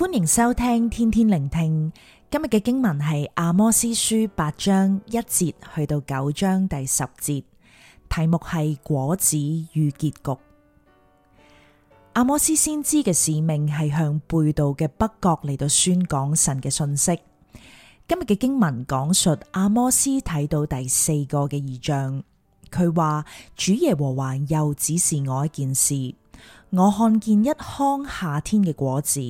歡迎收聽天天聆聽。今日嘅經文係阿摩司書八章一節去到九章第十節，題目係果子與結局。阿摩司先知嘅使命係向背道嘅北國嚟到宣講神嘅信息。今日嘅經文講述阿摩司睇到第四個嘅異象，佢話主耶和華又指示我一件事，我看見一筐夏天嘅果子。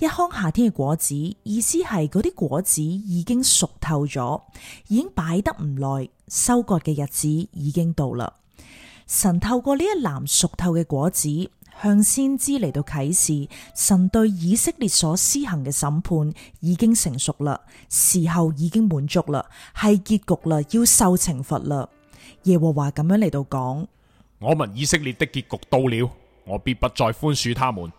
一筐夏天嘅果子，意思係嗰啲果子已經熟透咗，已經擺得唔耐，收割嘅日子已經到啦。神透過呢一籃熟透嘅果子，向先知嚟到啟示，神對以色列所施行嘅審判已經成熟啦，時候已經滿足啦，係結局啦，要受懲罰啦。耶和華咁樣嚟到講：我民以色列的結局到了，我必不再寬恕他們。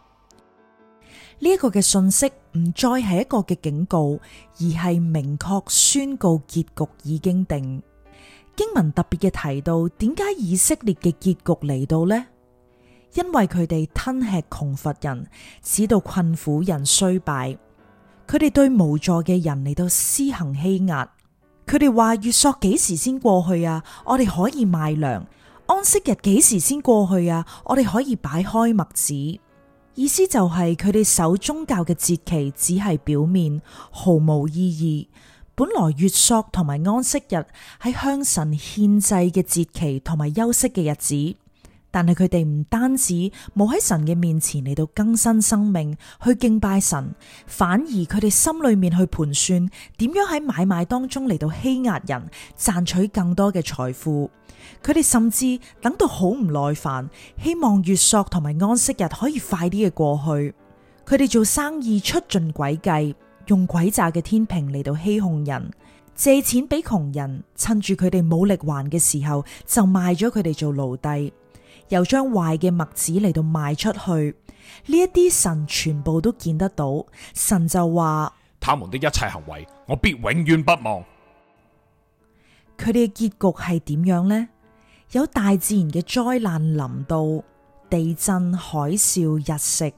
呢一個嘅信息唔再係一個嘅警告，而係明確宣告結局已經定。經文特別嘅提到，點解以色列嘅結局嚟到呢？因為佢哋吞吃窮乏人，使到困苦人衰敗。佢哋對無助嘅人嚟到施行欺壓。佢哋話月朔幾時先過去啊？我哋可以賣糧。安息日幾時先過去啊？我哋可以擺開麥子。意思就係佢哋守宗教嘅節期只係表面，毫無意義。本來月朔同埋安息日係向神獻祭嘅節期同埋休息嘅日子。但係佢哋唔單止冇喺神嘅面前嚟到更新生命去敬拜神，反而佢哋心裏面去盤算點樣喺買賣當中嚟到欺壓人，賺取更多嘅財富。佢哋甚至等到好唔耐煩，希望月朔同埋安息日可以快啲嘅過去。佢哋做生意出盡詭計，用詭詐嘅天平嚟到欺哄人，借錢俾窮人，趁住佢哋冇力還嘅時候就賣咗佢哋做奴隸。又將壞嘅麥子嚟到賣出去，呢一啲神全部都見得到，神就話：他們的一切行為，我必永遠不忘。佢哋嘅結局係點樣呢？有大自然嘅災難臨到，地震、海嘯、日食。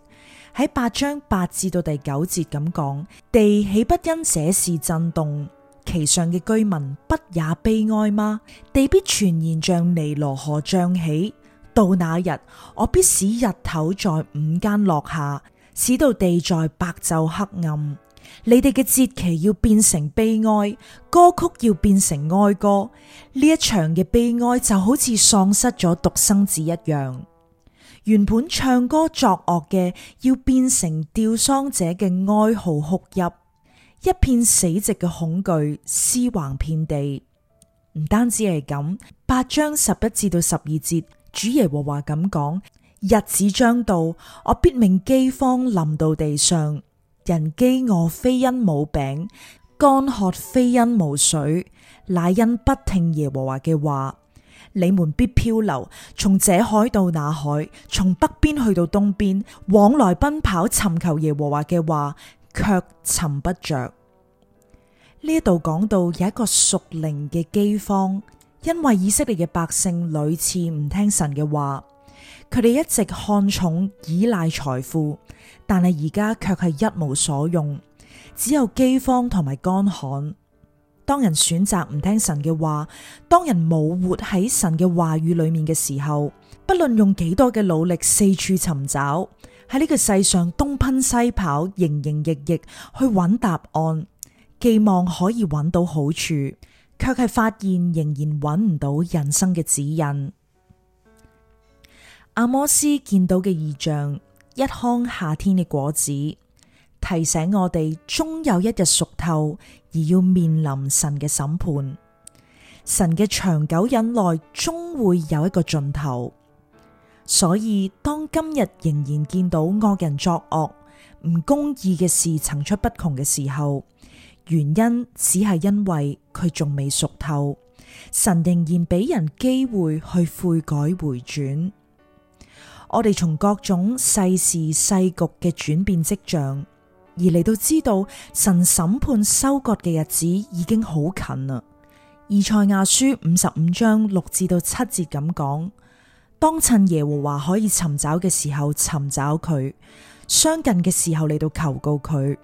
喺八章八至到第九節咁講：地豈不因這事震動？其上嘅居民不也悲哀嗎？地必全然像尼羅河漲起。到那日，我必使日頭在午間落下，使到地在白晝黑暗。你哋嘅節期要變成悲哀，歌曲要變成哀歌。呢一場嘅悲哀就好似喪失咗獨生子一樣。原本唱歌作樂嘅，要變成吊喪者嘅哀嚎哭泣，一片死寂嘅恐懼，屍橫遍地。唔單止係咁，八章十一至到十二節。主耶和華咁講：日子將到，我必命飢荒臨到地上，人飢餓非因冇餅，乾渴非因無水，乃因不聽耶和華嘅話。你們必漂流，從這海到那海，從北邊去到東邊，往來奔跑尋求耶和華嘅話，卻尋不着。呢一度講到有一個屬靈嘅飢荒。因為以色列嘅百姓屢次唔聽神嘅話，佢哋一直看重依賴財富，但係而家卻係一無所用，只有饑荒同埋乾旱。當人選擇唔聽神嘅話，當人冇活喺神嘅話語裏面嘅時候，不論用幾多嘅努力四處尋找，喺呢個世上東奔西跑，營營役役去揾答案，寄望可以揾到好處。卻係發現仍然揾唔到人生嘅指引。阿摩司見到嘅異象，一筐夏天嘅果子，提醒我哋終有一日熟透而要面臨神嘅審判。神嘅長久忍耐終會有一個盡頭。所以當今日仍然見到惡人作惡、唔公義嘅事層出不窮嘅時候，原因只係因為。佢仲未熟透，神仍然俾人機會去悔改回轉。我哋從各種世事世局嘅轉變迹象，而嚟到知道神審判收割嘅日子已經好近啦。以賽亞書五十五章六至到七節咁講：當趁耶和華可以尋找嘅時候尋找佢，相近嘅時候嚟到求告佢。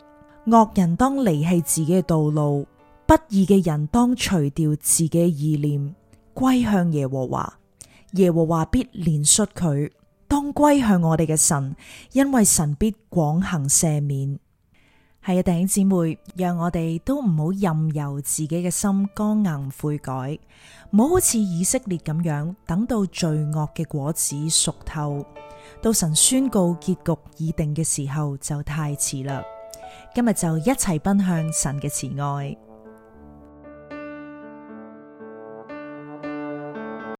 惡人當離棄自己嘅道路。不義嘅人當除掉自己意念，歸向耶和華，耶和華必憐率憐恤佢，當歸向我哋嘅神，因為神必廣行赦免。係啊，弟兄姊妹，讓我哋都唔好任由自己嘅心剛硬悔改，唔好好似以色列咁樣，等到罪惡嘅果子熟透，到神宣告結局已定嘅時候就太遲啦。今日就一齊奔向神嘅慈愛。